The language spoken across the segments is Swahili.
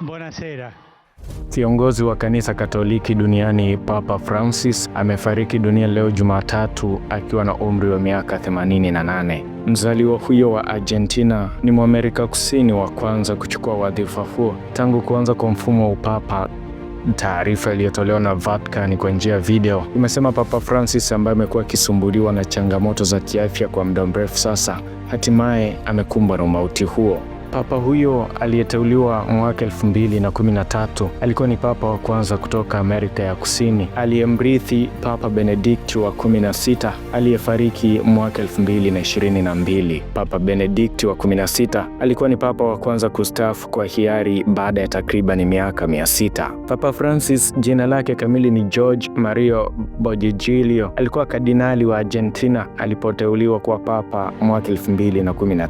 Buonasera. Kiongozi wa kanisa Katoliki duniani Papa Francis amefariki dunia leo Jumatatu akiwa na umri wa miaka 88. Mzaliwa huyo wa Argentina ni Mwamerika Kusini wa kwanza kuchukua wadhifa huo tangu kuanza kwa mfumo wa upapa. Taarifa iliyotolewa na Vatican kwa njia ya video imesema Papa Francis ambaye amekuwa akisumbuliwa na changamoto za kiafya kwa muda mrefu sasa, hatimaye amekumbwa na umauti huo. Papa huyo aliyeteuliwa mwaka tatu alikuwa ni papa wa kwanza kutoka Amerika ya Kusini aliyemrithi Papa Benedikti wa 16 aliyefariki mwaka mbili. Papa Benedikti wa sita alikuwa ni papa wa kwanza kustaafu kwa hiari baada ya takriban miaka mia sita. Papa Francis jina lake kamili ni George Mario Bojigilio, alikuwa kardinali wa Argentina alipoteuliwa kuwa papa mwaka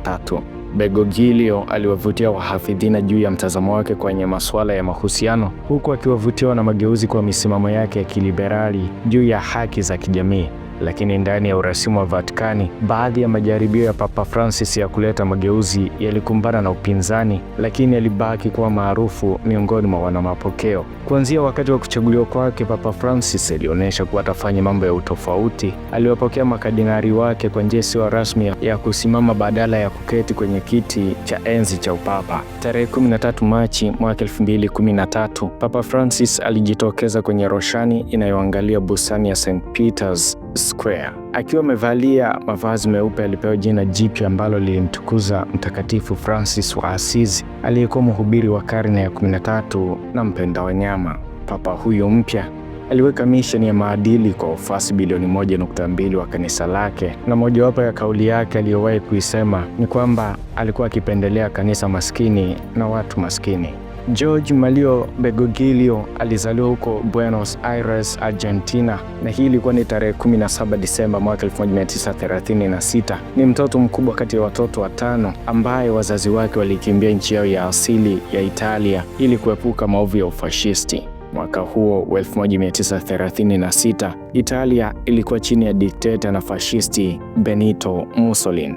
tatu. Bergoglio aliwavutia wahafidhina juu ya mtazamo wake kwenye masuala ya mahusiano, huku akiwavutiwa na mageuzi kwa misimamo yake ya kiliberali juu ya haki za kijamii. Lakini ndani ya urasimu wa Vatikani, baadhi ya majaribio ya Papa Francis ya kuleta mageuzi yalikumbana na upinzani, lakini alibaki kuwa maarufu miongoni mwa wanamapokeo. Kuanzia wakati wa kuchaguliwa kwake, Papa Francis alionyesha kuwa atafanya mambo ya utofauti. Aliwapokea makadinari wake kwa njia isiyo rasmi ya kusimama badala ya kuketi kwenye kiti cha enzi cha upapa. Tarehe 13 Machi mwaka 2013, Papa Francis alijitokeza kwenye roshani inayoangalia bustani ya St Peters Square. Akiwa amevalia mavazi meupe, alipewa jina jipya ambalo lilimtukuza Mtakatifu Francis wa Asizi, aliyekuwa mhubiri wa karne ya 13 na mpenda wanyama. Papa huyo mpya aliweka misheni ya maadili kwa wafuasi bilioni mbili wa kanisa lake, na mojawapo ya kauli yake aliyowahi kuisema ni kwamba alikuwa akipendelea kanisa maskini na watu maskini. George Mario Bergoglio alizaliwa huko Buenos Aires, Argentina, na hii ilikuwa ni tarehe 17 Disemba mwaka 1936. Ni mtoto mkubwa kati ya watoto watano ambaye wazazi wake walikimbia nchi yao ya asili ya Italia ili kuepuka maovu ya ufashisti. Mwaka huo 1936, Italia ilikuwa chini ya dikteta na fashisti Benito Mussolini.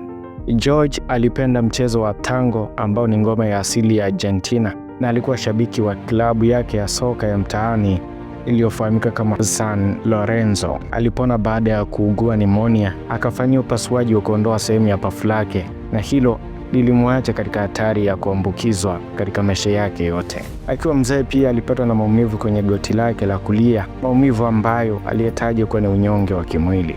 George alipenda mchezo wa tango ambao ni ngoma ya asili ya Argentina na alikuwa shabiki wa klabu yake ya soka ya mtaani iliyofahamika kama San Lorenzo. Alipona baada ya kuugua nimonia, akafanyia upasuaji wa kuondoa sehemu ya pafu lake, na hilo lilimwacha katika hatari ya kuambukizwa katika maisha yake yote akiwa mzee pia alipatwa na maumivu kwenye goti lake la kulia, maumivu ambayo aliyetaja kuwa ni unyonge wa kimwili.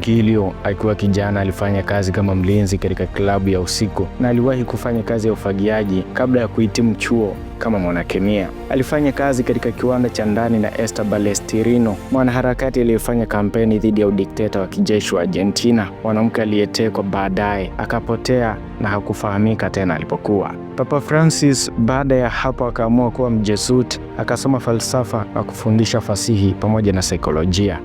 gilio akiwa kijana alifanya kazi kama mlinzi katika klabu ya usiku na aliwahi kufanya kazi ya ufagiaji kabla ya kuhitimu chuo kama mwanakemia. Alifanya kazi katika kiwanda cha ndani na Esther Balestirino, mwanaharakati aliyefanya kampeni dhidi ya udikteta wa kijeshi wa Argentina, mwanamke aliyetekwa baadaye akapotea na hakufahamika tena alipokuwa. Papa Francis baada ya hapo akaamua aliamua kuwa Mjesuiti, akasoma falsafa na kufundisha fasihi pamoja na saikolojia.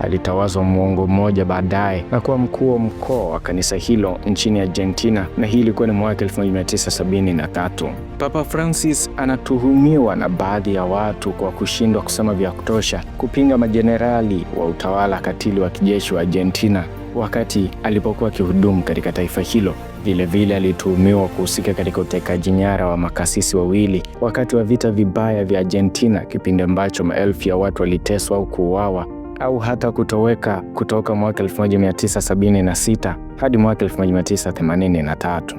Alitawazwa muongo mmoja baadaye na kuwa mkuu wa mkoa wa kanisa hilo nchini Argentina, na hii ilikuwa ni mwaka 1973. Papa Francis anatuhumiwa na baadhi ya watu kwa kushindwa kusema vya kutosha kupinga majenerali wa utawala katili wa kijeshi wa Argentina wakati alipokuwa akihudumu katika taifa hilo. Vilevile alituhumiwa kuhusika katika utekaji nyara wa makasisi wawili wakati wa vita vibaya vya Argentina, kipindi ambacho maelfu ya watu waliteswa au kuuawa au hata kutoweka kutoka mwaka 1976 hadi mwaka 1983.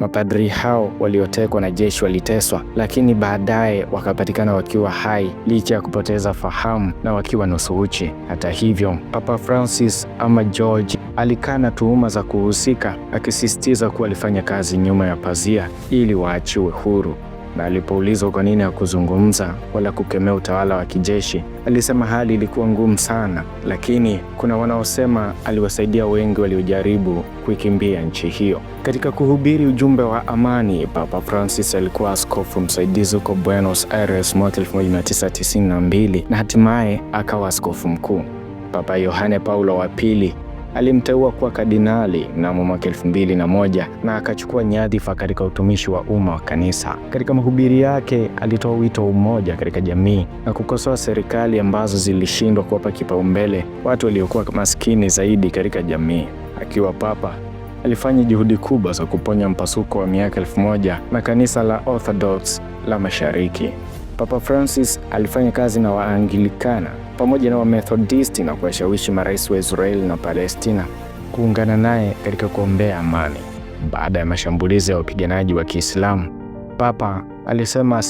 Mapadri hao waliotekwa na jeshi waliteswa, lakini baadaye wakapatikana wakiwa hai licha ya kupoteza fahamu na wakiwa nusu uchi. Hata hivyo, Papa Francis ama George alikana tuhuma za kuhusika, akisisitiza kuwa alifanya kazi nyuma ya pazia ili waachiwe huru na alipoulizwa kwa nini hakuzungumza wala kukemea utawala wa kijeshi, alisema hali ilikuwa ngumu sana, lakini kuna wanaosema aliwasaidia wengi waliojaribu kuikimbia nchi hiyo. Katika kuhubiri ujumbe wa amani, Papa Francis alikuwa askofu msaidizi huko Buenos Aires mwaka 1992 na hatimaye akawa askofu mkuu. Papa Yohane Paulo wa Pili alimteua kuwa kardinali mnamo mwaka 2001 na akachukua nyadhifa katika utumishi wa umma wa kanisa. Katika mahubiri yake alitoa wito wa umoja katika jamii na kukosoa serikali ambazo zilishindwa kuwapa kipaumbele watu waliokuwa maskini zaidi katika jamii. Akiwa papa alifanya juhudi kubwa za kuponya mpasuko wa miaka elfu moja na kanisa la Orthodox la Mashariki. Papa Francis alifanya kazi na Waanglikana pamoja na Wamethodisti na kuwashawishi marais wa Israeli na Palestina kuungana naye katika kuombea amani. Baada ya mashambulizi ya wapiganaji wa Kiislamu, Papa alisema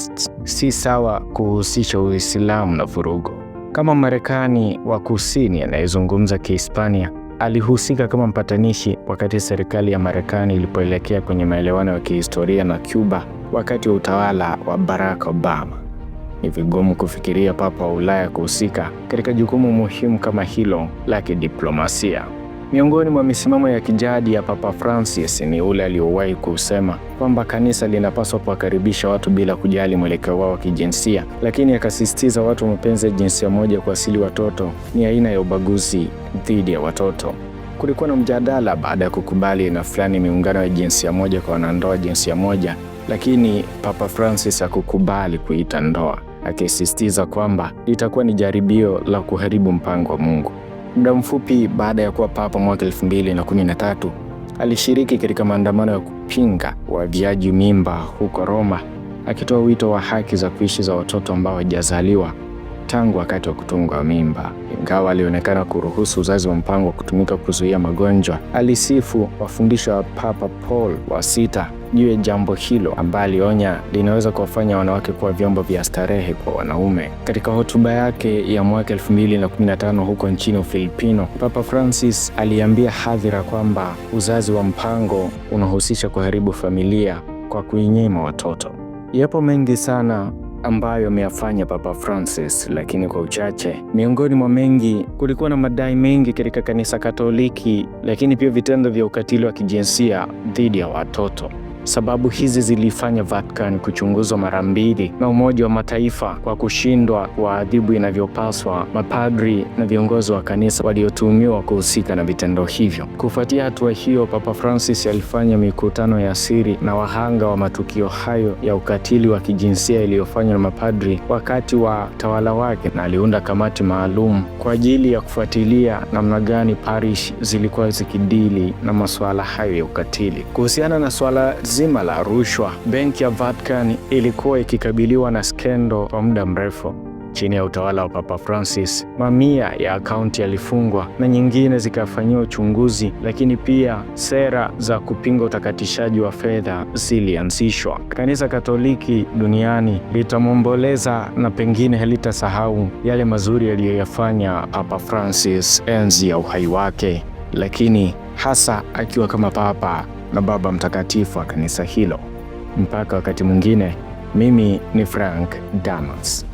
si sawa kuhusisha Uislamu na vurugu. Kama Marekani wa Kusini anayezungumza Kihispania alihusika kama mpatanishi wakati serikali ya Marekani ilipoelekea kwenye maelewano ya kihistoria na Cuba wakati wa utawala wa Barack Obama. Ni vigumu kufikiria papa wa Ulaya kuhusika katika jukumu muhimu kama hilo la kidiplomasia. Miongoni mwa misimamo ya kijadi ya Papa Francis ni ule aliowahi kusema kwamba kanisa linapaswa kuwakaribisha watu bila kujali mwelekeo wao wa kijinsia, lakini akasisitiza watu mapenzi ya jinsia moja kuasili watoto ni aina ya ubaguzi dhidi ya watoto. Kulikuwa na mjadala baada ya kukubali na fulani miungano ya jinsia moja kwa wanandoa jinsia moja, lakini Papa Francis hakukubali kuita ndoa akisisitiza kwamba litakuwa ni jaribio la kuharibu mpango wa Mungu. Muda mfupi baada ya kuwa papa mwaka tatu alishiriki katika maandamano ya kupinga waviaji mimba huko Roma, akitoa wito wa haki za kuishi za watoto ambao hawajazaliwa tangu wakati wa kutungwa mimba. Ingawa alionekana kuruhusu uzazi wa mpango wa kutumika kuzuia magonjwa, alisifu wafundisho wa Papa Paul wa sita juu ya jambo hilo ambaye alionya linaweza kuwafanya wanawake kuwa vyombo vya starehe kwa wanaume. Katika hotuba yake ya mwaka 2015 huko nchini Ufilipino, Papa Francis aliambia hadhira kwamba uzazi wa mpango unahusisha kuharibu familia kwa kuinyima watoto. Yapo mengi sana ambayo ameyafanya Papa Francis, lakini kwa uchache. Miongoni mwa mengi, kulikuwa na madai mengi katika kanisa Katoliki, lakini pia vitendo vya ukatili wa kijinsia dhidi ya watoto. Sababu hizi zilifanya Vatican kuchunguzwa mara mbili na Umoja wa Mataifa kwa kushindwa kuwaadhibu inavyopaswa mapadri na viongozi wa kanisa waliotuhumiwa kuhusika na vitendo hivyo. Kufuatia hatua hiyo, Papa Francis alifanya mikutano ya siri na wahanga wa matukio hayo ya ukatili wa kijinsia iliyofanywa na mapadri wakati wa tawala wake, na aliunda kamati maalum kwa ajili ya kufuatilia namna gani parish zilikuwa zikidili na masuala hayo ya ukatili. Kuhusiana na swala zima la rushwa. Benki ya Vatican ilikuwa ikikabiliwa na skendo kwa muda mrefu. Chini ya utawala wa Papa Francis, mamia ya akaunti yalifungwa na nyingine zikafanyiwa uchunguzi, lakini pia sera za kupinga utakatishaji wa fedha zilianzishwa. Kanisa Katoliki duniani litamwomboleza na pengine halitasahau yale mazuri yaliyoyafanya Papa Francis enzi ya uhai wake, lakini hasa akiwa kama papa na Baba Mtakatifu wa kanisa hilo. Mpaka wakati mwingine, mimi ni Frank Damas.